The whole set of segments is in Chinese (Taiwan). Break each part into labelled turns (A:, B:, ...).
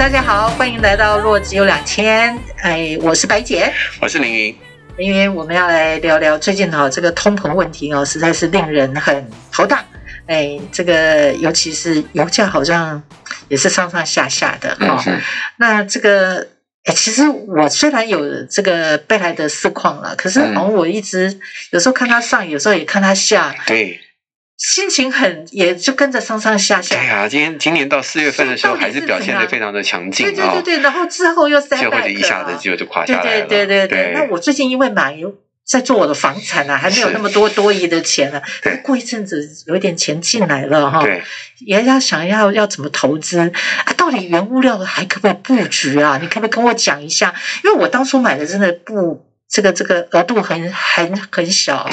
A: 大家好，歡迎來到若只有兩千。哎，我是白姐，我是凌雲，因為我們要來聊聊最近哈、哦、這個通膨問題哦，實在是令人很頭大。哎，這個尤其是油價好像也是上上下下的、哦嗯、那這個、哎、其實我雖然有這個貝萊德世礦了，可是、哦嗯、我一直有時候看它上，有時候也看它下。對。心情很，也就跟着上上下下。
B: 哎呀、啊，今天今年到四月份的時候，是還是表現得非常的強勁。對對對對，哦、
A: 然後之後又三百個，的一下
B: 子就就垮下來了。對，對對對對，對，那
A: 我最近因為買又在做我的房產啊，還沒有那麼多多餘的錢啊。是過一陣子有點錢進來了哈，
C: 對、
A: 哦。也要想要要怎麼投資對啊？到底原物料還可不可以布局啊？你可不可以跟我講一下？因為我當初買的真的不。這個這個額度很很很小，啊，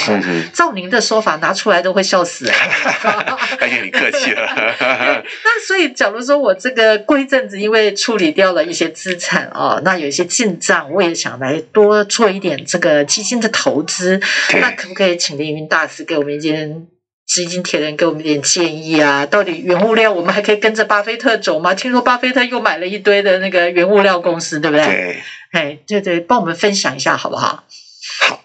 A: 照您的說法，拿出來都會笑死。
C: 哎呀，你客氣了。
A: 那所以，假如說我這個過一陣子，因為處理掉了一些資產啊，哦，那有一些進賬，我也想來多做一點這個基金的投資。對那可不可以請凌雲大師給我們一點基金鐵人給我們一點建議啊？到底原物料，我們還可以跟着巴菲特走嗎？聽說巴菲特又買了一堆的那個原物料公司，對不對？對哎，hey, 對對，幫我們分享一下好不好？
B: 好，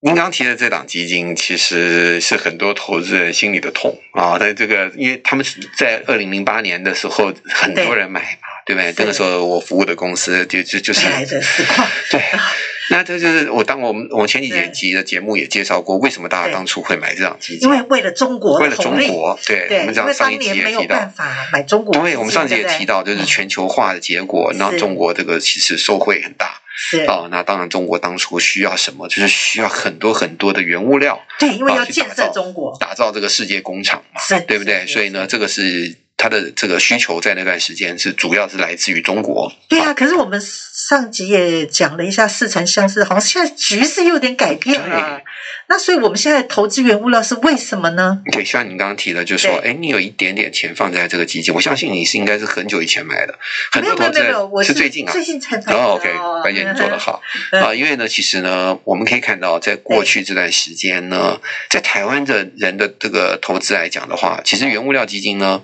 B: 您剛提的這檔基金其實是很多投資人心裡的痛啊。那這個，因為他們是在二零零八年的時候，很多人買嘛，對，對不對？那個時候我服務的公司就就就是，
A: 對。對
B: 那這就是我當我們我們前幾集的節目也介紹過，為什麼大家當初會買這樣機子？
A: 因為為了中國紅利，
B: 對，對對我們講上,上一集也提到，對辦法買中國紅利。我們上一集也提到就是全球化的結果，那、嗯、中國這個其實受惠很大。是啊，那當然中國當初需要什麼，就是需要很多很多的原物料。對，因為要建設中國、啊打，打造這個世界工廠嘛，是對不對？所以呢，這個是。它的這個需求在那段時間是主要是來自於中國。
A: 對啊，啊可是我們上集也講了一下似曾相識，像好像現在局勢又有點改變了、啊。對那所以我們現在投資原物料是為什麼呢？Okay, 剛
B: 剛對，像你剛剛提的，就說哎，你有一點點錢放在這個基金，我相信你是應該是很久以前買的，很多投資是最近
A: 啊，最近才買的、啊。Oh, OK，白姐 你做得好
B: 啊，因為呢，其實呢，我們可以看到在過去這段時間呢，對在台灣的人的這個投資來講的話，其實原物料基金呢。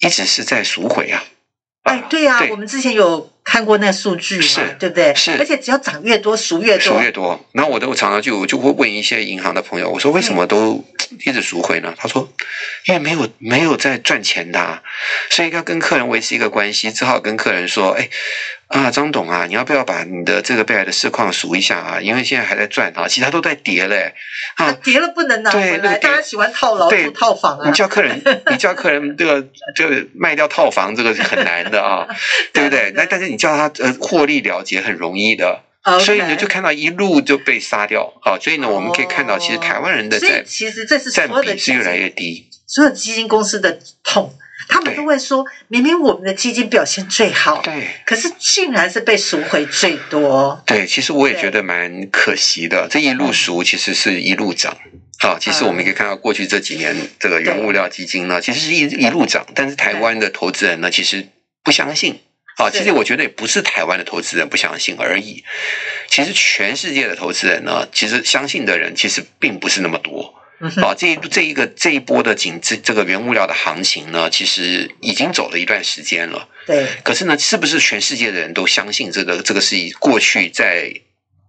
B: 一直是在贖回啊，
A: 啊！哎，對呀、啊，對我們之前有看過那數據嘛，是對不對？是，而且只要漲越多，贖越多，贖越
B: 多。然後，我都常常就就會問一些銀行的朋友，我說為什麼都對一直贖回呢？他說，因為沒有沒有在賺錢的、啊，所以要跟客人維持一個關係，只好跟客人說，哎。啊，張董啊，你要不要把你的這個未來的市況數一下啊？因為現在還在賺啊，其他都在跌嘞。啊，跌了不能拿、啊、對，那個、跌大家喜歡套牢，套對套房啊。你叫客人，你叫客人這個這個 賣掉套房，這個是很難的啊，對不對？那 對但是你叫他呃獲利了結，很容易的。Okay 所以呢，就看到一路就被殺掉啊。所以呢，我們可以看到，其實台灣人的占，其實這是占比是越來越低。所有基金公司
A: 的痛。他們都會說，對明明我們的基金表現最好，對，可是竟然是被
B: 贖回最多。對，對，其實我也覺得蠻可惜的。對這一路贖其實是一路漲，好、嗯啊，其實我們可以看到過去這幾年這個原物料基金呢，對其實是一一路漲，但是台灣的投資人呢，對其實不相信。啊，對其實我覺得也不是台灣的投資人不相信而已，其實全世界的投資人呢，其實相信的人其實並不是那麼多。啊、哦，這一這一個這一波的景這這個原物料的行情呢，其實已經走了一段時間了。對，可是呢，是不是全世界的人都相信這個這個是以過去在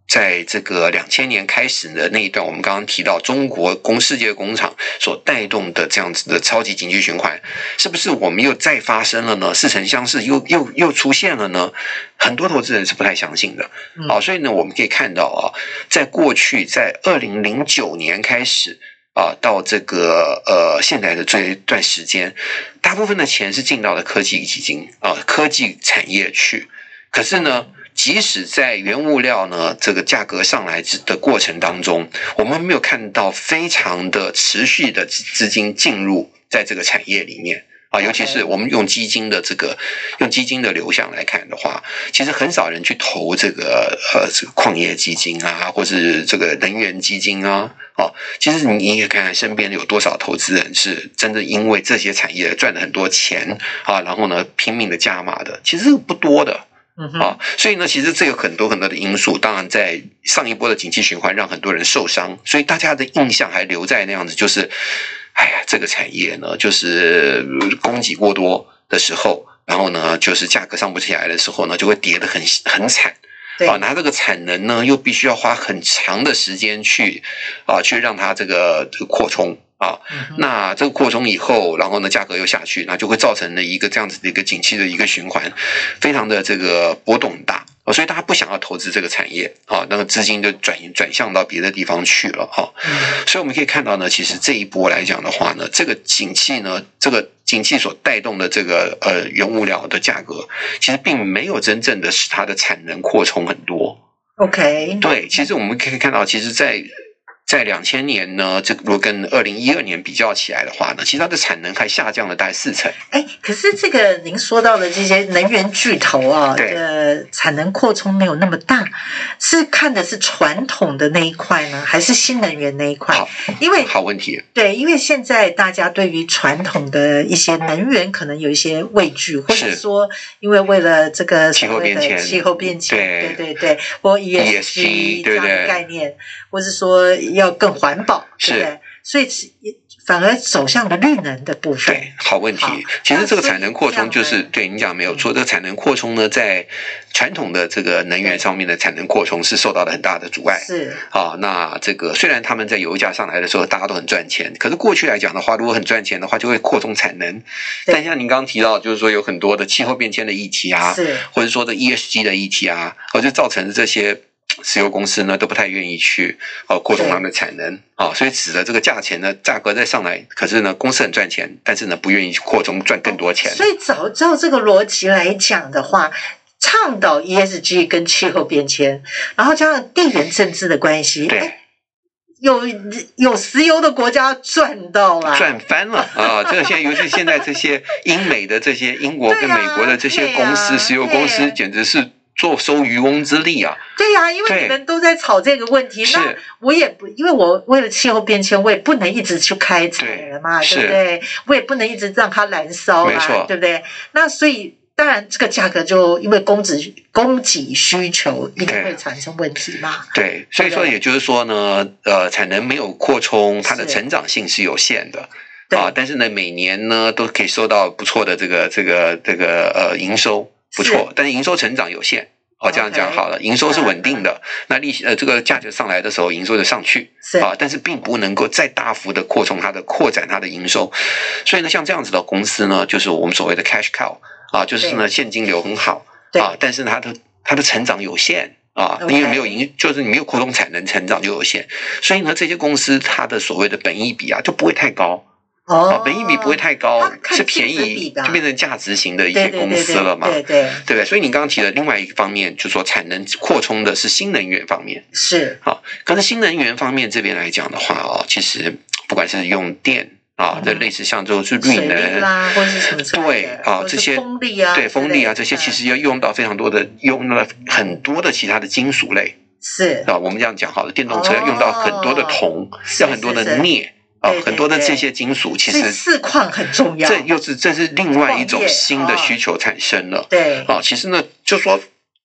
B: 在這個兩千年開始的那一段，我們剛剛提到中國工世界工廠所帶動的這樣子的超級景氣循環，是不是我們又再發生了呢？似曾相識，又又又出現了呢？很多投資人是不太相信的。好、哦，所以呢，我們可以看到啊、哦，在過去在二零零九年開始。啊，到這個呃，現在的這一段時間，大部分的錢是進到了科技基金啊，科技產業去。可是呢，即使在原物料呢這個價格上來的過程當中，我們沒有看到非常的持續的資金進入在這個產業裡面啊，尤其是我們用基金的這個用基金的流向來看的話，其實很少人去投這個呃這個礦業基金啊，或是這個能源基金啊。啊，其實你也看看身邊有多少投資人是真的因為這些產業賺了很多錢啊，然後呢拼命的加碼的，其實不多的。嗯哼。啊，所以呢，其實這有很多很多的因素。當然，在上一波的景氣循環讓很多人受傷，所以大家的印象還留在那樣子，就是，哎呀，這個產業呢，就是供給過多的時候，然後呢，就是價格上不起來的時候呢，就會跌得很很慘。對啊，拿這個產能呢，又必須要花很長的時間去，啊，去讓它這個擴充。好，uh huh. 那這個擴充以後，然後呢，價格又下去，那就會造成了一個這樣子的一個景氣的一個循環，非常的這個波動大。所以大家不想要投資這個產業啊、哦，那個資金就轉轉向到別的地方去了哈。哦 uh huh. 所以我們可以看到呢，其實這一波來講的話呢，這個景氣呢，這個景氣所帶動的這個呃原物料的價格，其實並沒有真正的使它的產能擴充很多。OK，對，其實我們可以看到，其實在。在兩千年呢，這如果跟二零一二年比較起來的話呢，其實它的產能還下降了大概四成。哎，
A: 可是這個您說到的這些能源巨頭啊，對，呃，產能擴充沒有那麼大，是看的是傳統的那一塊呢，還是新能源那一塊？好，因為好問題，對，因為現在大家對於傳統的一些能源可能有一些畏懼，或者說，因為為了這個氣候變遷，氣候變遷，對對對，或 ESG 這樣的概念，或是說。要更環保，對不對，是，所以反而走向了綠能的部分。
B: 對，好問題。其實這個產能擴充就是你的對你講沒有錯。這個產能擴充呢，在傳統的這個能源上面的產能擴充是受到了很大的阻礙。是啊，那這個雖然他們在油價上來的時候大家都很賺錢，可是過去來講的話，如果很賺錢的話，就會擴充產能。對但像您剛剛提到，就是說有很多的氣候變遷的議題啊，是或者說的 ESG 的議題啊，而就造成這些。石油公司呢都不太願意去擴充他們的產能啊對、哦，所以使得這個價錢呢價格再上來，可是呢公司很賺錢，但是呢不願意擴充賺更多錢。哦、所
A: 以照照這個邏輯來講的話，倡導 ESG 跟氣候變遷，然後加上地緣政治的關係，對，欸、
B: 有有石
A: 油的國家賺到了，賺
B: 翻了啊！這個現在尤其現在這些英美的這些英國跟美國的這些公司呀石油公司呀簡直是。坐收漁翁之利啊！
A: 對呀、啊，因為你們都在炒這個問題，對那我也不，因為我為了氣候變遷，我也不能一直去開採嘛，對，對不對？是我也不能一直讓它燃燒啊，錯對不對？那所以當然，這個價格就因為供給供給需求一定會產生問題嘛。
B: 對，對，所以說也就是說呢，呃，產能沒有擴充，它的成長性是有限的對啊。但是呢，每年呢都可以收到不錯的這個這個這個呃營收。不錯，但是營收成長有限。我是、哦、這樣講好了，okay, 營收是穩定的。嗯、那利息呃，這個價值上來的時候，營收就上去是啊。但是並不能夠再大幅的擴充它的擴展它的營收。所以呢，像這樣子的公司呢，就是我們所謂的 cash cow 啊，就是呢對現金流很好啊，對但是呢它的它的成長有限啊。Okay. 因為沒有營，就是你沒有擴充產能，成長就有限。所以呢，這些公司它的所謂的本益比啊，就不會太高。哦，本益比不會太高，哦、是便宜，就變成價值型的一些公司了嘛，對不對？所以你剛剛提的另外一個方面，就是說產能擴充的是新能源方面，是啊、哦。可是新能源方面這邊來講的話哦，其實不管是用電啊、哦、這類似像這種是綠能，啊或是什麼對啊、哦，這些啊，對風力啊這些，其實要用到非常多的，用了很多的其他的金屬類，是啊、哦。我們這樣講好了，電動車要用到很多的銅，哦、要很多的鎳。是是是是很多的這些金屬，其實，四
A: 礦很重要。這
B: 又是這是另外一種新的需求產生了。對，好，其實呢，就說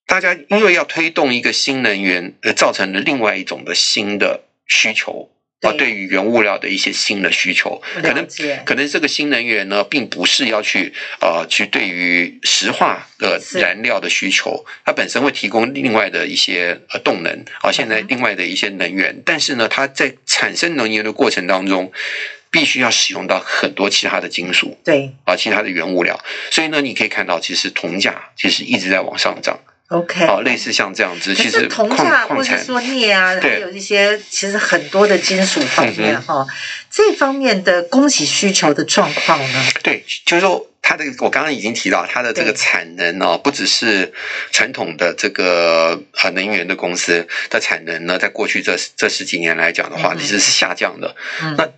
B: 大家因為要推動一個新能源，而造成了另外一種的新的需求。啊，對於原物料的一些新的需求，可能可能這個新能源呢，並不是要去啊、呃、去對於石化的燃料的需求，是它本身會提供另外的一些呃動能啊，現在另外的一些能源，Okay. 但是呢，它在產生能源的過程當中，必須要使用到很多其他的金屬，對啊，其他的原物料，所以呢，你可以看到，其實銅價其實一直在往上漲。O.K. 哦，類似像這樣子，其實銅價或者說鎳啊，對還有
A: 一些其實很多的金屬方面哈、嗯嗯哦，這方面的供給需求的狀況呢？對，
B: 就是說它的我剛剛已經提到它的這個產能哦，對不只是傳統的這個呃能源的公司的產能呢，在過去這這十幾年來講的話，嗯嗯其實是下降的。嗯、那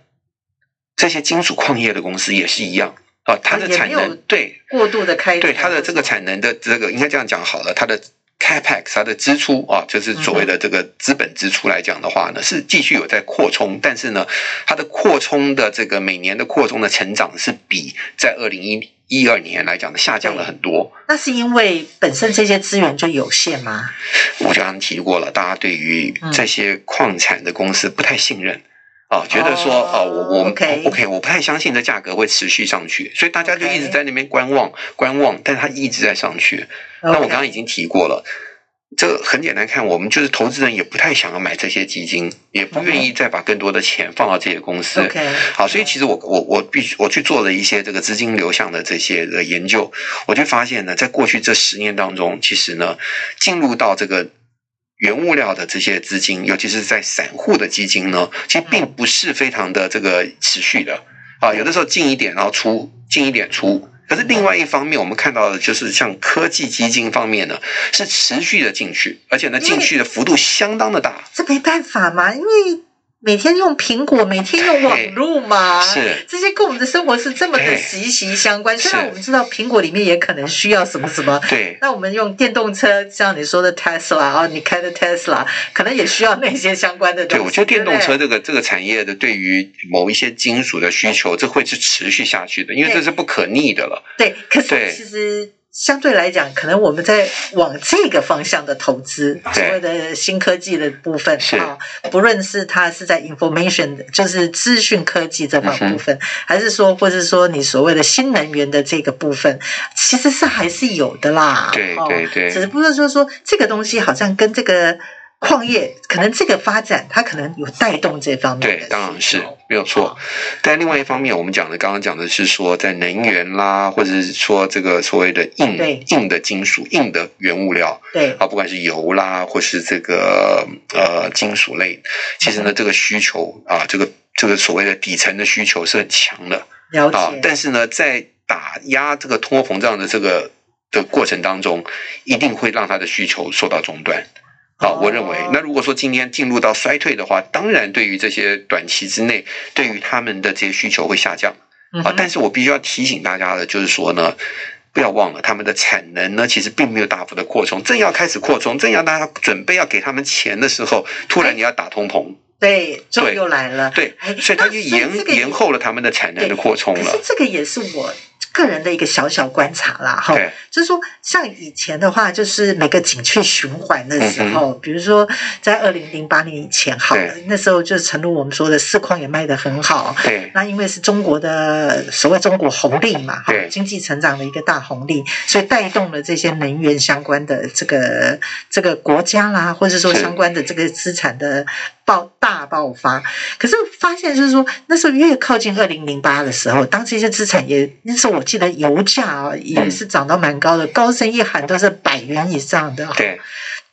B: 這些金屬礦業的公司也是一樣。啊，它的產能對過度的開對它的這個產能的這個應該這樣講好了，它的 CapEx 它的支出啊，就是所謂的這個資本支出來講的話呢，嗯、哼 是繼續有在擴充，但是呢，它的擴充的這個每年的擴充的成長是比在二零一一二年來講的下降了很多。
A: 那是因為本身這些資源就有限
B: 嗎？我剛剛提過了，大家對於這些礦產的公司不太信任。嗯嗯啊，覺得說啊，oh, okay. 我我 OK，我不太相信這價格會持續上去，所以大家就一直在那邊觀望 Okay. 觀望，但它一直在上去。那我剛剛已經提過了，Okay. 這很簡單看，我們就是投資人也不太想要買這些基金，也不願意再把更多的錢放到這些公司。Okay. 好，所以其實我我我必須我去做了一些這個資金流向的這些的研究，我就發現呢，在過去這十年當中，其實呢，進入到這個。原物料的這些資金，尤其是在散戶的基金呢，其實並不是非常的這個持續的啊，有的時候進一點然後出，進一點出。可是另外一方面，我們看到的就是像科技基金方面呢，是持續的進去，而且呢，進去的幅度相當的大。
A: 這沒辦法嘛，因為。每天用蘋果，每天用網絡嘛，是，這些跟我們的生活是這麼的息息相關。雖然我們知道蘋果裡面也可能需要什麼什麼，對那我們用電動車，像你說的 Tesla 啊，你開的 Tesla，可能也需要那些相關的東西。對，我覺得電動車這
B: 個對對這個產業的對於某一些金屬的需求，這會是持續下去的，因為這是不可逆的了。對，對，可是其實。
A: 相對來講，可能我們在往這個方向的投資，對所謂的新科技的部分啊，是不論是它是在 information，就是資訊科技這方部分，嗯、哼還是說，或者說你所謂的新能源的這個部分，其實是還是有的啦。對對對。對對只是不就是說說這個東西好像跟這個。礦業可能這個發
B: 展，它可能有帶動這方面。對，當然是沒有錯。哦、但另外一方面，我們講的、嗯、剛剛講的是說，在能源啦，或者是說這個所謂的硬對硬的金屬、硬的原物料，對啊，不管是油啦，或是這個呃金屬類，其實呢，嗯、這個需求啊，這個這個所謂的底層的需求是很強的解啊。但是呢，在打壓這個通貨膨脹的這個的過程當中，一定會讓它的需求受到中斷。啊、哦，我認為，那如果說今天進入到衰退的話，當然對於這些短期之內，對於他們的這些需求會下降。啊、哦，但是我必須要提醒大家的就是說呢，不要忘了他們的產能呢，其實並沒有大幅的擴充，正要開始擴充，正要大家準備要給他們錢的時候，突然你要打通膨、哎，對，這又
A: 來了，對，
B: 對、哎、所以他就延、這個、延後了他們的產能的擴充了。哎、可
A: 是這個也是我。個人的一個小小觀察啦，哈對，就是說，像以前的話，就是每個景氣循環的時候，嗯、哼比如說在二零零八年以前，對好那時候就是誠如我們說的四礦也賣得很好，對那因為是中國的所謂中國紅利嘛，哈對，經濟成長的一個大紅利，所以帶動了這些能源相關的這個這個國家啦，或者說相關的這個資產的。爆大爆發，可是發現就是說，那時候越靠近二零零八的時候，當這些資產也那時候，我記得油價啊也是漲到蠻高的，高盛一喊都是百元以上的。對，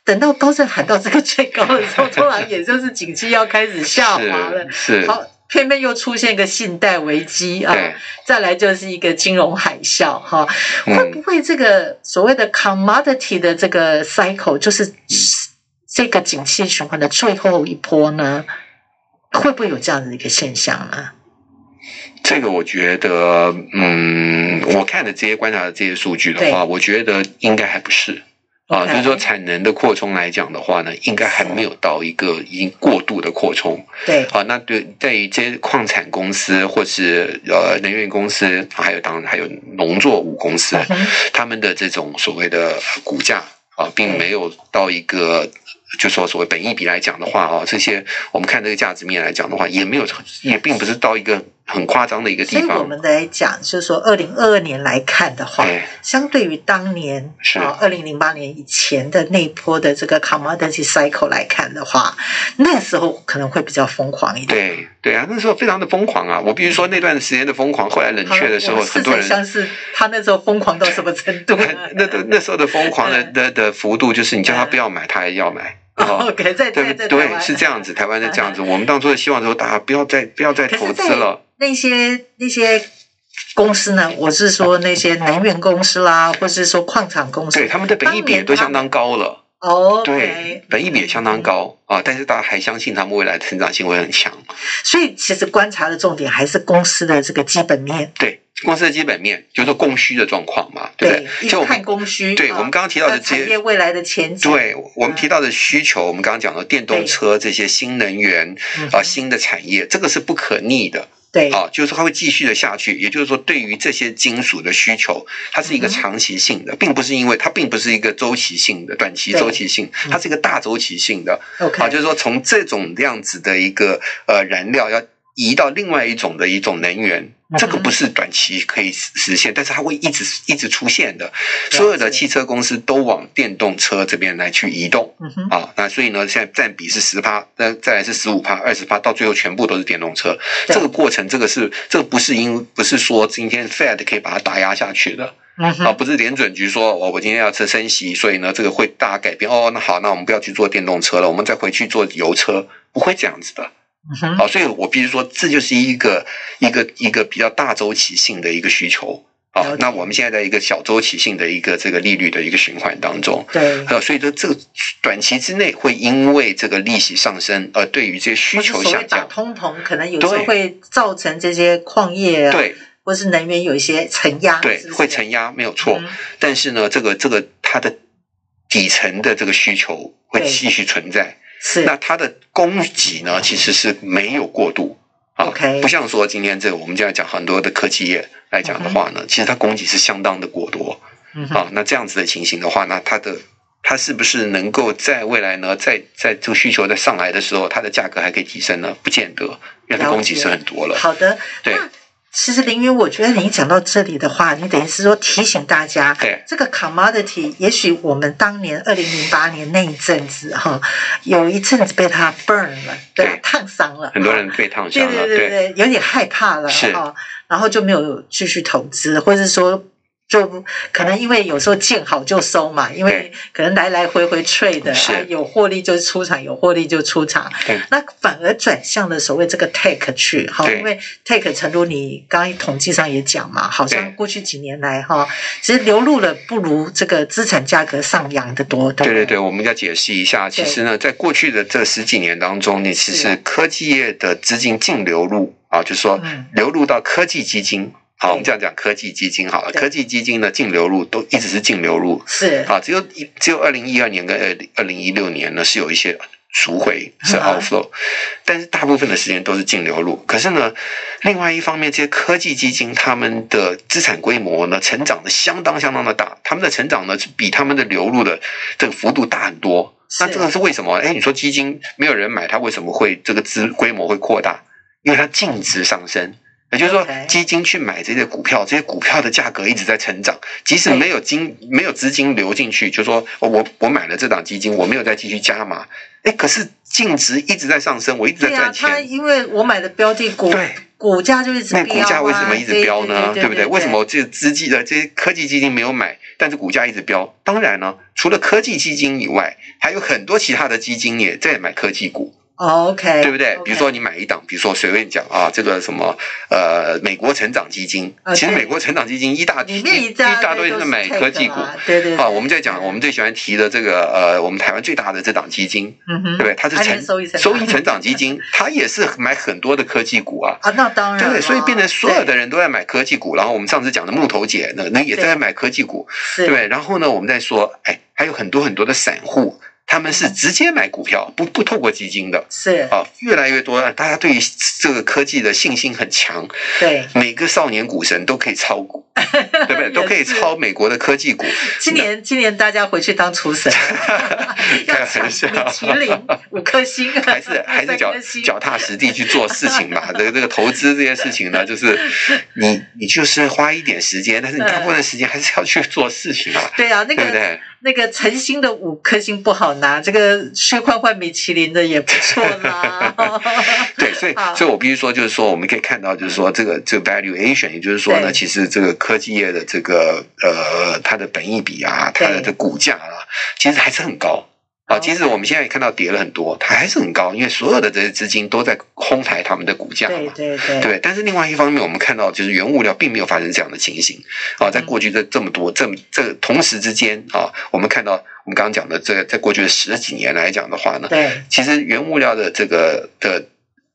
A: 等到高盛喊到這個最高的時候，突然也就是景氣要開始下滑了。 是，是。好，偏偏又出現一個信貸危機對啊，再來就是一個金融海嘯哈、啊，會不會這個所謂的 commodity 的這個 cycle 就是？這個景氣循環的最後一波呢，會不會有這樣的一個現象呢？
B: 這個我覺得，嗯，我看的這些觀察的這些數據的話，對我覺得應該還不是 Okay. 啊。就是說產能的擴充來講的話呢，應該還沒有到一個已經過度的擴充。對啊，那對，在一些礦產公司，或是呃能源公司，還有當然還有農作物公司，Okay. 他們的這種所謂的股價啊，並沒有到一個。就說所謂本益比來講的話啊，對這些我們看這個價值面來講的話，也沒有，也並不是到一個很誇張的一個地方。所以我們
A: 來講，就是說二零二二年來看的話，對相對於當年啊，二零零八年以前的那波的這個 commodity cycle 來看的話，那時候可能會比較瘋狂一
B: 點。對對啊，那時候非常的瘋狂啊！我比如說那段時間的瘋狂，後來冷卻的時候，很多人像
A: 是他那時候瘋狂到什麼程
B: 度、啊？那那那時候的瘋狂的 的的幅度，就是你叫他不要買，他還要買。o 再對對對，台 是這樣子，台灣是這樣子。我們當初的希望說，大家不要再不要再投資了。
A: 那些那些公司呢，我是說那些能源公司啦，嗯、或是說礦產公司，對他們的本益比也都相
B: 當高了。哦，對，們對本益比也相當高啊，嗯、但是大家還相信他們未來的成長性會很強。
A: 所以其實觀察的重點還是公司的這個基本面。
B: 對。公司的基本面就是供需的狀況嘛，對，就看供需。對我們剛剛提到的這些產業未來的前景，對，我們提到的需求，我們剛剛講的電動車這些新能源啊，新的產業，這個是不可逆的，對，啊，就是說它會繼續的下去。也就是說，對於這些金屬的需求，它是一個長期性的，並不是因為它並不是一個週期性的短期週期性，它是一個大週期性的。好啊，就是說從這種量子的一個呃燃料要移到另外一種的一種能源。這個不是短期可以實實現，但是它會一直一直出現的。所有的汽車公司都往電動車這邊來去移動、嗯、哼啊。那所以呢，現在占比是十趴，那再來是十五趴，二十趴，到最後全部都是電動車。對這個過程，這個是這個不是因不是說今天 Fed 可以把它打壓下去的啊。不是聯準局說，我、哦、我今天要吃升息，所以呢，這個會大改變。哦，那好，那我們不要去坐電動車了，我們再回去坐油車，不會這樣子的。好、uh huh. 所以，我比如說，這就是一個一個一個比較大周期性的一個需求好。解那我們現在在一個小周期性的一個這個利率的一個循環當中，對。呃，所以說，這個短期之內會因為這個利息上升，而對於這些需求下降。
A: 通膨可能有時候會造成這些礦業啊，對，或是能源有一些承壓是是。對，
B: 會承壓沒有錯。嗯、但是呢，這個這個它的底層的這個需求會繼續存在。是那它的供給呢，其實是沒有過度 Okay. 啊，不像說今天這個我們這樣講很多的科技業來講的話呢，Okay. 其實它供給是相當的過多、mm hmm. 啊。那這樣子的情形的話，那它的它是不是能夠在未來呢，在在這個需求在上來的時候，它的價格還可以提升呢？不見得，因為供給是很多了。了解。好的，對。嗯
A: 其實，凌雲，我覺得你講到這裡的話，你等於是說提醒大家，對這個 commodity，也許我們當年二零零八年那一陣子哈，有一陣子被它 burn 了，對，對燙傷了，很多人被燙傷了，
B: 對對對對，對有
A: 點害怕了哈，是然後就沒有繼續投資，或者說。就可能因為有時候見好就收嘛，因為可能來來回回吹的、啊、有獲利就出場，有獲利就出場。對，那反而轉向了所謂這個 tech 去哈，好對因為 tech 程度，你剛剛統計上也講嘛，好像過去幾年來哈，對其實流入了不如這個資產價格上揚的多。對
B: 對對，我們要解釋一下，其實呢，在過去的這十幾年當中，對你其實科技業的資金淨流入是啊，就是說流入到科技基金。嗯好，我們這樣講，科技基金好了，科技基金呢，淨流入都一直是淨流入。是啊，只有一只有二零一二年跟二零二零一六年呢是有一些贖回是 outflow，、嗯、但是大部分的時間都是淨流入。可是呢，另外一方面，這些科技基金他們的資產規模呢，成長的相當相當的大，他們的成長呢是比他們的流入的這個幅度大很多。那這個是為什麼？哎，你說基金沒有人買，它為什麼會這個資規模會擴大？因為它淨值上升。也就是說，基金去買這些股票，這些股票的價格一直在成長，即使沒有金沒有資金流進去，就說我我買了這檔基金，我沒有再繼續加碼，哎、欸，可是淨值一直在上升，我一直在賺錢。它，啊、
A: 因為我買的標的股對股價就是那股價為什麼一直飆呢？對，對，對，對，對，對不對？為什麼
B: 這資金的這些科技基金沒有買，但是股價一直飆？當然呢，除了科技基金以外，還有很多其他的基金也在買科技股。OK，對不對？比如說你買一檔，比如說隨便講啊，這個什麼呃，美國成長基金，其實美國成長基金一大一大堆是買科技股，對對。啊，我們在講我們最喜歡提的這個呃，我們台灣最大的這檔基金，對不對？它是成收益成長基金，它也是買很多的科技股啊啊，那
A: 當然對。所以變成所有
B: 的人都在買科技股，然後我們上次講的木頭姐那那也在買科技股，對不對？然後呢，我們再說，哎，還有很多很多的散戶。他們是直接買股票，不不透過基金的，是啊，越來越多了。大家對於這個科技的信心很強，對，每個少年股神都可以炒股，對不對？都可以炒美國的科技股。
A: 今年，今年大家回去當廚神，
B: 要搶米其林五
A: 顆星，還
B: 是還是腳腳踏實地去做事情吧。這個這個投資這些事情呢，就是你你就是花一點時間，但是你大部分時間還是要去做事情吧，對啊，那個，對不對？
A: 那個晨星的五顆星不好拿，這個薛塊換米其林的也不錯
B: 啦。 對，所以，好所以我必須說，就是說，我們可以看到，就是說，這個、嗯、這個 valuation，也就是說呢，對其實這個科技業的這個呃，它的本益比啊，它的這股價啊，對其實還是很高。啊，其實我們現在也看到跌了很多，它還是很高，因為所有的這些資金都在哄抬他們的股價嘛。
C: 對對對。
B: 對，但是另外一方面，我們看到就是原物料並沒有發生這樣的情形。啊，在過去的這麼多、這麼這同時之間啊，我們看到我們剛剛講的，這個，在過去的十幾年來講的話呢，對，其實原物料的這個的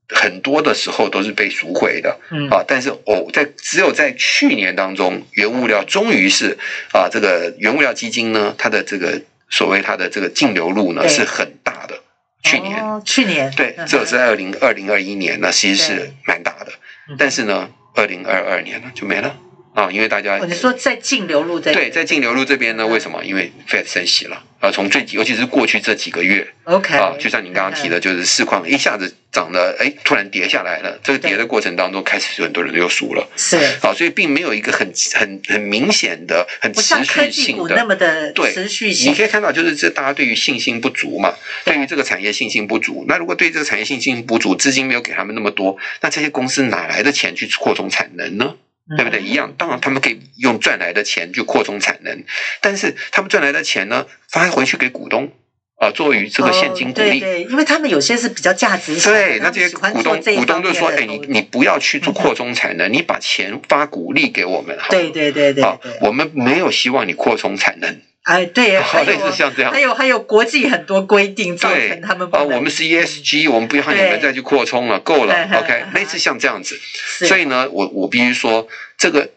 B: 很多的時候都是被贖回的。嗯。啊，但是哦，在只有在去年當中，原物料終於是啊，這個原物料基金呢，它的這個。所謂它的這個淨流入呢對是很大的，對去年，
A: 對去年，20, 年對，
B: 這是在二零二零二一年，那其實是蠻大的，對但是呢，二零二二年呢就沒了啊，因為大家、哦、你說
A: 在淨流入這邊。對，對
B: 在淨流入這邊呢，對為什麼？因為 Fed 升息了。呃，從最尤其是過去這幾個月，OK，啊，就像您剛剛提的，就是市況一下子漲了，哎、欸，突然跌下來了。這個跌的過程當中，開始有很多人又輸了。是對啊，所以並沒有一個很很很明顯的、很持續性的不像科技股那麼的持續性。你可以看到，就是這大家對於信心不足嘛，對於這個產業信心不足。對那如果對這個產業信心不足，資金沒有給他們那麼多，那這些公司哪來的錢去擴充產能呢？對不對？一樣，當然他們可以用賺來的錢去擴充產能，但是他們賺來的錢呢，發回去給股東啊，作為這個現金股利、哦、對,對，
A: 因為他們有些是比較價值對，那這些股東股東就說：“哎，
B: 你你不要去做擴充產能，嗯、你把錢發股利給我們了。好”對對對對,對好，我們沒有希望你擴充產能。
A: 哎，對，好、哦、類似像這樣，還
B: 有還有國際很多規定造成他們啊、哦，我們是 ESG，我們不要你們再去擴充了，對夠了 ，OK，類似像這樣子。是所以呢，我我必須說，這個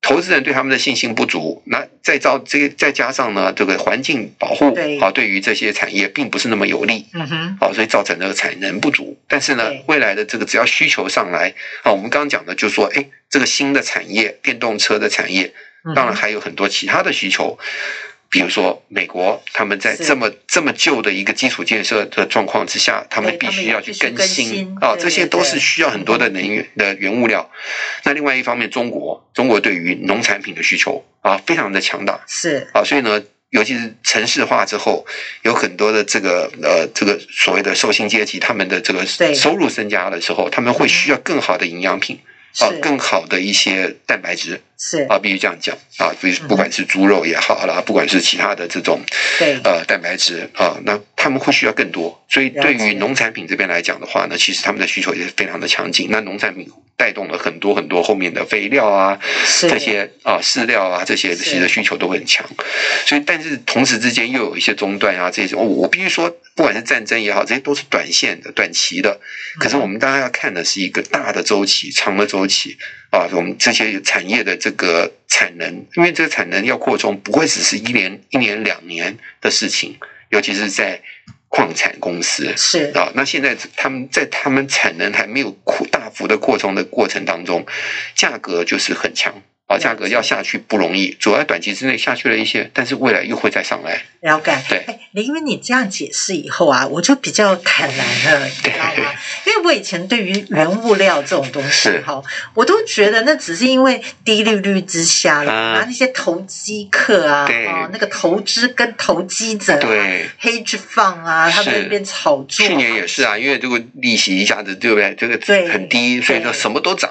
B: 投資人對他們的信心不足，那再造這再加上呢，這個環境保護啊對、哦，對於這些產業並不是那麼有利，嗯哼，哦，所以造成這個產能不足。但是呢，對未來的這個只要需求上來啊、哦，我們剛剛講的就說，哎，這個新的產業，電動車的產業，當然還有很多其他的需求。嗯比如說美國，他們在這麼這麼舊的一個基礎建設的狀況之下，他們必須要去更新啊，這些都是需要很多的能源的原物料。那另外一方面，中國中國對於農產品的需求啊，非常的強大。是啊，所以呢，尤其是城市化之後，有很多的這個呃這個所謂的受薪階級，他們的這個收入增加的時候，他們會需要更好的營養品，啊，更好的一些蛋白質。是啊，必須這樣講啊！所以不管是豬肉也好啦、啊，不管是其他的這種，對呃蛋白質啊，那他們會需要更多。所以對於農產品這邊來講的話呢，其實他們的需求也是非常的強勁。那農產品帶動了很多很多後面的肥料啊，這些是啊飼料啊這些其實需求都很強。所以但是同時之間又有一些中斷啊，這種我必須說，不管是戰爭也好，這些都是短線的、短期的。可是我們大家要看的是一個大的周期、長的周期。啊，我們這些產業的這個產能，因為這個產能要擴充，不會只是一年、一年、兩年的事情，尤其是在礦產公司，是，啊，那現在他們在他們產能還沒有擴大幅的擴充的過程當中，價格就是很強。好，價格要下去不容易，主要短期之內下去了一些，但是未來又會再上來。
A: 了解，對。因為你這樣解釋以後啊，我就比較坦
B: 然了，你知道
A: 嗎？對因為我以前對於原物料這種東西，哈是，我都覺得那只是因為低利率之下了，啊，那些投機客啊，對啊，那個投資跟投機者、啊，對，Hedge fund 啊，他們那邊炒作。去年
B: 也是啊，因為這個利息一下子對不對？這個很低，對所以說什麼都漲。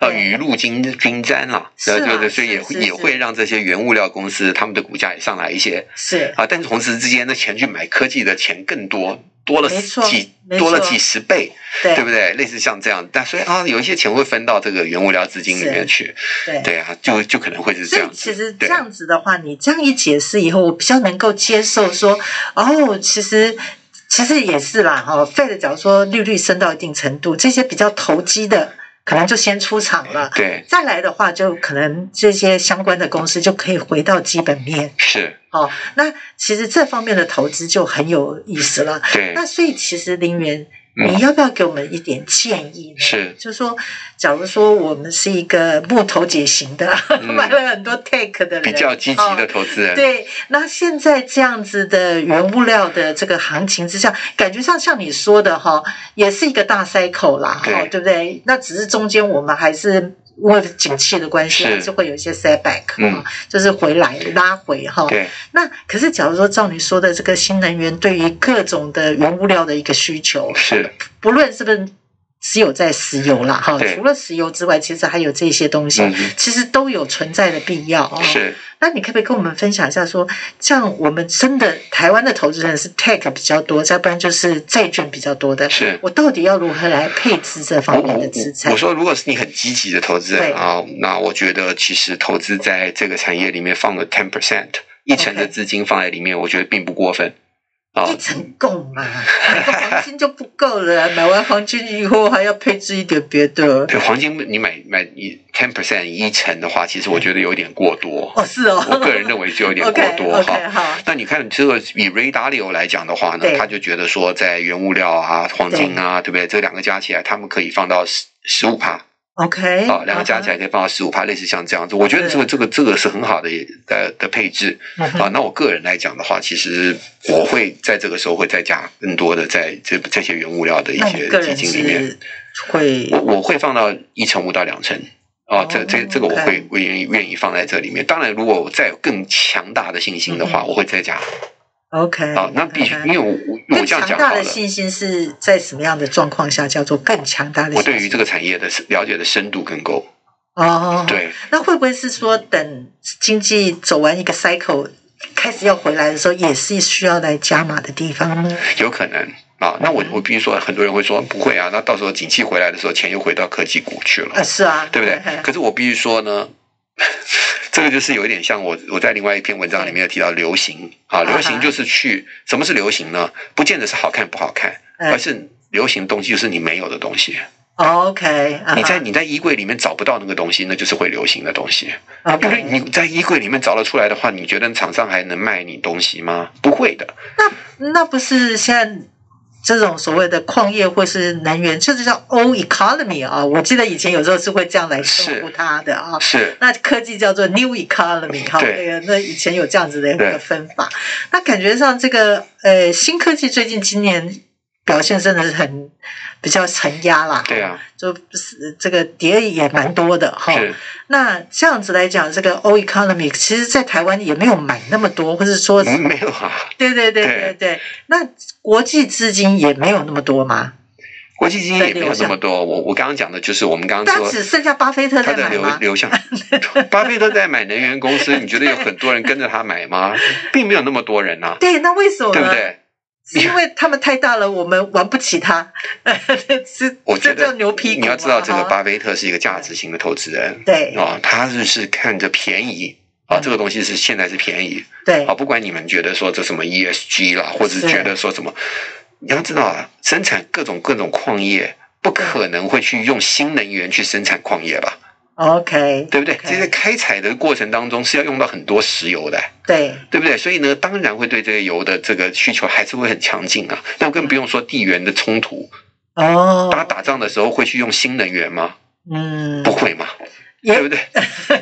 B: 啊，雨露均沾了、啊，然後就對，是啊，所以也會是是是也會讓這些原物料公司他們的股價也上來一些。是啊，但同時之間的錢去買科技的錢更多，多了幾錯多了幾十倍，錯對不對？對類似像這樣，但所以啊，有一些錢會分到這個原物料資金裡面去。對對啊，就就可能會是這樣子。其
A: 實這樣子的話，對你這樣一解釋以後，我比較能夠接受說。說哦，其實其實也是啦。哦 Fed 假如說利率升到一定程度，這些比較投機的。可能就先出場了，哦、對，再來的話，就可能這些相關的公司就可以回到基本面，是哦。那其實這方面的投資就很有意思了，對那所以其實凌雲。你要不要給我們一點建議呢？是，就是說假如說我們是一個木頭姐型的，嗯、買了很多 tech 的人，比較積極的投資人、哦。對，那現在這樣子的原物料的這個行情之下，感覺上像你說的哈，也是一個大 cycle 啦，對、哦，對不對？那只是中間我們還是，為了景氣的關係，還是會有一些 setback，哈，嗯、就是回來對拉回哈。對 那可是，假如說照你說的，這個新能源對於各種的原物料的一個需求，是不論是不是。只有在石油啦，哈對，除了石油之外，其實還有這些東西，嗯、哼其實都有存在的必要是、哦，那你可，不可以跟我們分享一下說，說像我們真的台灣的投資人是 tech 比較多，再不然就是債券比較多的。是，我到底要如何來配置這方面的資產？我，
B: 我，我說，如果是你很積極的投資人啊對，那我覺得其實投資在這個產業裡面放個 ten percent，一成的資金放在裡面，我覺得並不過分。Okay. 就好
A: 成功了，買個
B: 黃金就不夠了，啊， 買完黃金以後還要配置一點別的，對。黃金你買買一 ten percent 一成的話，哦，其實我覺得有點過多。哦，是哦，我個人認為是有點過多哈 ，okay, okay, 好。那你看這個以 Ray Dalio 來講的話呢，對他就覺得說在原物料啊、黃金啊，對，對不對？這兩個加起來，他們可以放到十十五趴。OK，啊、uh huh. 哦，兩個加起來可以放到十五趴，類似像這樣子。我覺得這個對這個這個是很好的呃的、的配置啊。那我個人來講的話， 其實我會在這個時候會再加更多的在這這些原物料的一些基金裡面，會我我會放到一成五到兩成啊。這、哦、這、oh, okay. 這個我會我願意願意放在這裡面。當然，如果我再有更強大的信心的話，Okay. 我會再加。OK，好，那必須，因為我我這樣強大的信
A: 心是在什麼樣的狀況下叫做更強大的？我對於這個
B: 產業的了解的深度更夠。哦，oh, 對，
A: 那會不會是說等經濟走完一個 cycle 開始要回來的時候，也是需要來加碼的地方
B: 呢？有可能啊。那我我必須說，很多人會說不會啊，那到時候景氣回來的時候，錢又回到科技股去了。啊，
A: 是啊，對不對？Okay.
B: 可是我必須說呢， 這個就是有一點像我，我在另外一篇文章裡面有提到流行啊，流行就是去什麼是流行呢？不見得是好看不好看，而是流行的東西就是你沒有的東西。OK，你在你在衣櫃裡面找不到那個東西，那就是會流行的東西啊。不是你在衣櫃裡面找得出來的話，你覺得廠商還能賣你東西嗎？不會的
A: 那。那那不是現在。這種所謂的礦業或是能源，甚至叫 old economy 啊，我記得以前有時候是會這樣來稱呼它的啊。是。是那科技叫做 new economy 哈，那個對對那以前有這樣子的一個分法。對那感覺上這個呃新科技最近今年表現真的是很。比較承壓啦，對啊，就這個跌也蠻多的哈。那這樣子來講，這個 o economy i 其實在台灣也沒有買那麼多，或是說沒有啊。對對對對對。那國際資
B: 金也沒有那麼多嗎？國際資金也沒有那麼多。我我剛剛講的就是我們剛剛說只
A: 剩下巴菲特在買嗎？
B: 流巴菲特在買能源公司，你覺得有很多人跟着他買嗎？並沒有那麼多人吶。
A: 對，那為什麼呢？對不對？你因為他們太大了，我們玩不起他。 是
B: 我覺得牛逼。你要知道，這個巴菲特是一個價值型的投資人，人對啊、哦，他就是看着便宜啊、哦，這個東西是現在是便宜，對啊、哦，不管你們覺得說這什麼 ESG 啦，或者是覺得說什麼，是你要知道啊，生產各種各種礦業不可能會去用新能源去生產礦業吧。OK，對不對？其實在開採的過程當中是要用到很多石油的，對對不對？所以呢，當然會對這個油的這個需求還是會很強勁啊。那更不用說地緣的衝突哦，大家打仗的時候會去用新能源嗎？嗯，不會嗎？對不對？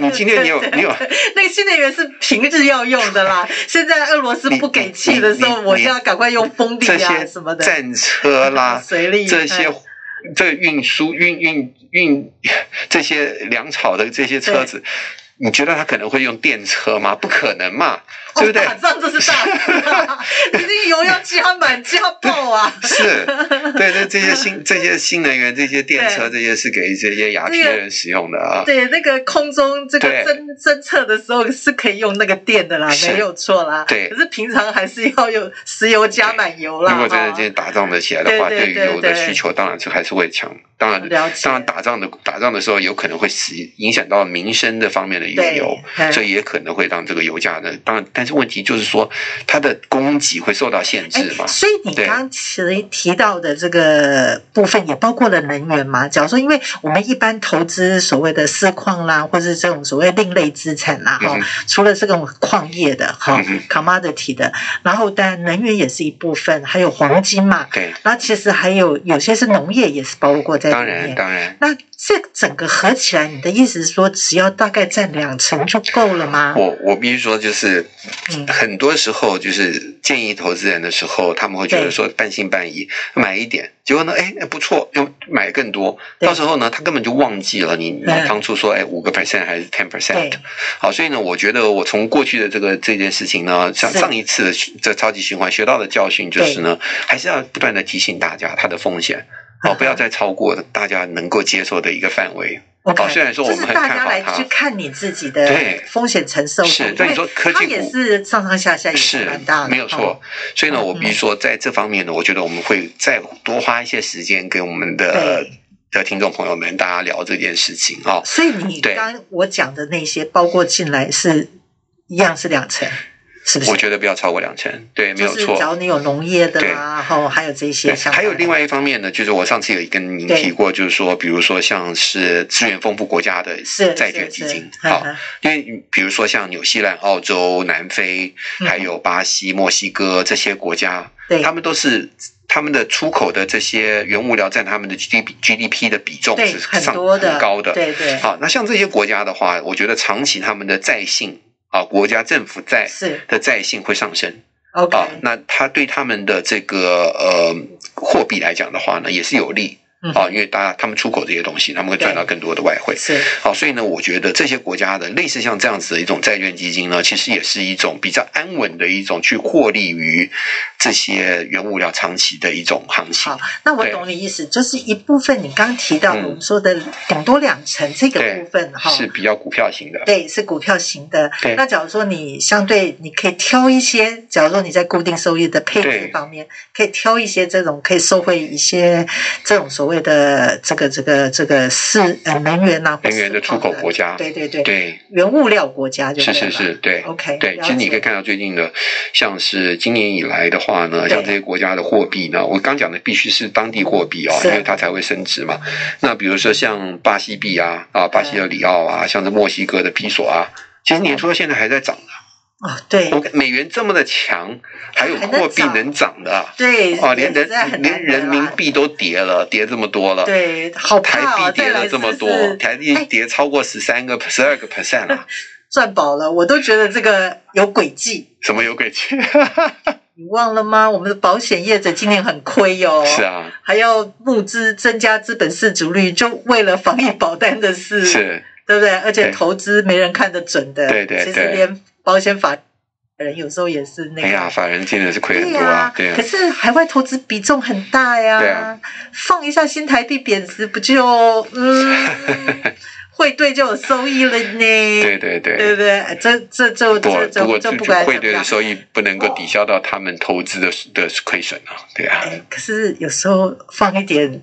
B: 你今天你有你有
A: 那個新能源是平日要用的啦。現在俄羅斯不給氣的時候，我現在
B: 趕快用風力呀什麼的戰車啦，這些這運輸運運。運這些糧草的這些車子。你覺得他可能會用電車嗎？不可能嘛，對不對？打仗這是
A: 大事啊，你這油要加滿加爆啊！是，對對，這些新
B: 這些新能源這些電車這些是給這些雅痞人使用的啊。
A: 對，那個空中這個偵偵測的時候是可以用那個電的啦，沒有錯啦。對，可是平常還是要用石油加滿
C: 油啦。如果真的今
B: 天打仗的起來的話，對油的需求當然是還是會強。當然，當然打仗的打仗的時候有可能會影影響到民生的方面的。原油，所以也可能會讓這個油價呢？當然，但是問題就是說，它的供給會受到限制嘛。所以你剛
A: 才提到的這個部分，也包括了能源嘛。假如說，因為我們一般投資所謂的私礦啦，或是這種所謂另類資產啦，哈、嗯哼哦，除了這種礦業的哈、哦嗯、哼，commodity 的，然後當然能源也是一部分，還有黃金嘛。嗯、對，那其實還有有些是農業也是包括在裡面、嗯。當然，當然，那。這整個合起來，你的意思是說，只要大概占兩成就夠了嗎？我
B: 我必須說，就是，嗯，很多時候就是建議投資人的時候，他們會覺得說半信半疑，買一點，結果呢、哎，誒不錯，要買更多，到時候呢，他根本就忘記了你你當初說、哎5，誒五個 percent 還是 ten percent，好，所以呢，我覺得我從過去的這個這件事情呢，像上一次的這超級循環學到的教訓就是呢，還是要不斷的提醒大家它的風險。哦，不要再超過大家能夠接受的一個範圍。哦，Okay, 雖然說我們大家來去
A: 看你自己的風險承受度，那你說科技股是上上下下也是蠻大的，沒有錯。
B: 哦、所以呢，我比如說在這方面呢，我覺得我們會再多花一些時間給我們的對的聽眾朋友們，大家聊這件事情啊。哦、所以你剛
A: 我講的那些包括進來是一樣是兩層。嗯
B: 我覺得不要超過兩成，對，沒有錯。只要
A: 你有農業的啊，吼，還有這些。還有
B: 另外一方面呢，就是我上次有跟您提過，就是說，比如說像是資源豐富國家的債券基金，好，因為比如說像紐西蘭、澳洲、南非，還有巴西、墨西哥這些國家，對，他們都是他們的出口的這些原物料佔他們的 G D P G D P 的比重是上很高的，對對。好，那像這些國家的話，我覺得長期他們的債性。啊，國家政府債的債性會上升，okay. 啊，那它對他們的這個呃貨幣來講的話呢，也是有利。嗯。好，因為大家他們出口這些東西，他們會賺到更多的外匯。是，好，所以呢，我覺得這些國家的類似像這樣子的一種債券基金呢，其實也是一種比較安穩的一種去獲利於這些原物料長期的一種行情。嗯、好，
A: 那我懂你意思，對就是一部分你剛剛提到我們說的頂多兩成這個部分哈、嗯，是
B: 比較股票型的。對，
A: 是股票型的。對，那假如說你相對你可以挑一些，假如說你在固定收益的配置方面，對可以挑一些這種可以收回一些這種收益。所謂的這個這個這個是呃能源吶，能源
B: 的出口國家，對對對對，
A: 原物料國家就是是是
B: 對 OK，對，其實你可以看到最近的，像是今年以來的話呢，像這些國家的貨幣呢，我剛講的必須是當地貨幣哦，對因為它才會升值嘛。是那比如說像巴西幣啊，啊巴西的里奧啊，像是墨西哥的比索啊，其實年初到現在還在漲的。哦，對，美元這麼的強，還有貨幣能漲的，啊能，對，啊，連人連人民幣都跌了，跌這麼多了，
A: 對，好牌，啊、台幣跌了這麼多，
B: 台幣跌超過十三個，十二個 percent 了，
A: 賺，啊、飽了，我都覺得這個
B: 有詭計。什麼有詭計？
A: 你忘了嗎？我們的保險業者今年很虧喲，哦，是啊，還要募資增加資本適足率，就為了防疫保單的事，是，對不對？而且投資沒人看得準的，對對對。對對，其實連保險法人有時候也是那個，哎呀，
B: 法人今年是虧很多啊。對啊，可是
A: 海外投資比重很大呀、啊。放一下新台幣貶值不就嗯，匯兌 就有收益了呢？對對對，對不對，對？這這就我這就這就，我就不管匯兌我的
B: 收益不能夠抵消到他們投資的的虧損啊？對啊、欸。
A: 可是有時候放一點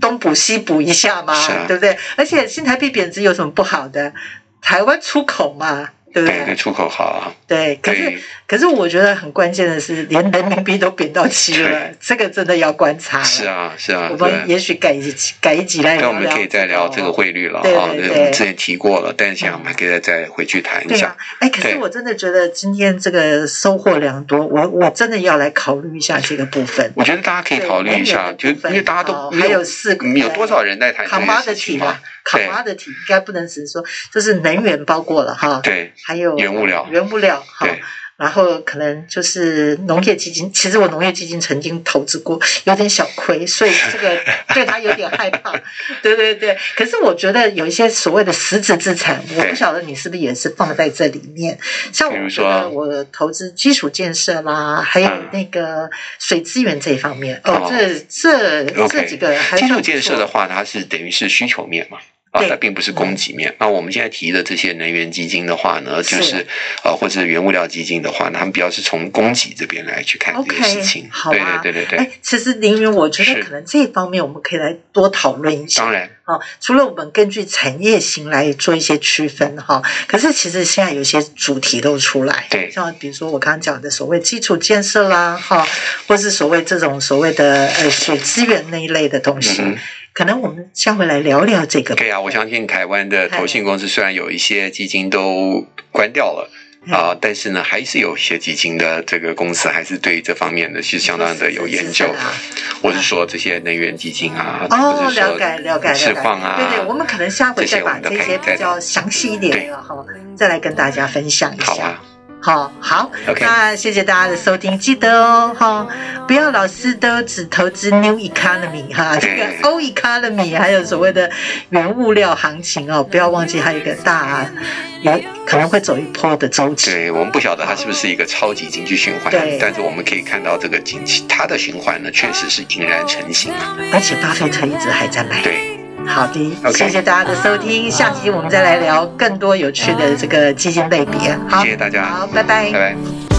A: 東補西補一下嘛，啊、對不對？而且新台幣貶值有什麼不好的？台灣出口嘛。
B: 對對，出口好啊。
A: 對，可是可是，我覺得很關鍵的是，連人民幣都貶到七了，這個真的要觀察。是
B: 啊是啊，我們也
A: 許改一改一集。來那我們可以再
B: 聊這個匯率了啊，我們之前提過了，但是現在我們還可以再回去談一下。哎，可是我
A: 真的覺得今天這個收穫良多，我我真的要來考慮一下這個部
B: 分。我覺得大家可以考慮一下，就因為大家都還有四個，有多少人在談卡馬的題嘛？卡
A: 馬的題應該不能只是說就是能源，包括了哈。對。還有原物料，原物料
C: 好。
A: 然後可能就是農業基金。其實我農業基金曾經投資過，有點小虧，所以這個對他有點害怕。對對對，可是我覺得有一些所謂的實質資產，我不曉得你是不是也是放在這裡面。
B: 像比如說我
A: 投資基礎建設啦，還有那個水資源這一方面。哦，這這這幾個，還有，基礎建設
B: 的話，它是等於是需求面嘛。啊對、哦，它並不是供給面。嗯、那我們現在提的這些能源基金的話呢，是就是呃，或者是原物料基金的話呢，他對們比較是從供給這邊來去看這件事情，好，對對對對。
A: 哎，其實凌雲，我覺得可能這一方面我們可以來多討
B: 論一下、嗯。當
A: 然，哦，除了我們根據產業型來做一些區分哈、哦，可是其實現在有些主題都出來，對，像比如說我剛剛講的所謂基礎建設啦，哈、哦，或是所謂這種所謂的呃水資源那一類的東西。嗯嗯可能我們下回來聊聊
B: 這個。可以啊，我相信台灣的投信公司雖然有一些基金都關掉了啊、嗯呃，但是呢，還是有一些基金的這個公司還是對這方面的，是相當的有研究。嗯、我是說這些能源基金啊，哦，了解了解了解。了解啊、對對，我們可能下回再
A: 把這些比較詳細一點，好，再來跟大家分享一下。嗯好啊。好好，好 okay，那謝謝大家的收聽，記得哦，哈、哦，不要老是都只投資 new economy 哈，對這個 old economy，還有所謂的原物料行情哦，不要忘記還有一個大有
B: 可能會走一波的週期。對，我們不曉得它是不是一個超級經濟循環，對但是我們可以看到這個經濟它的循環呢，確實是已然成型了，而且巴菲特一直還在賣，對。好的，Okay. 謝謝大家的
A: 收聽，下集我們再來聊更多有趣的這個基金類別。好，
B: 謝謝大家，好，拜拜，拜拜。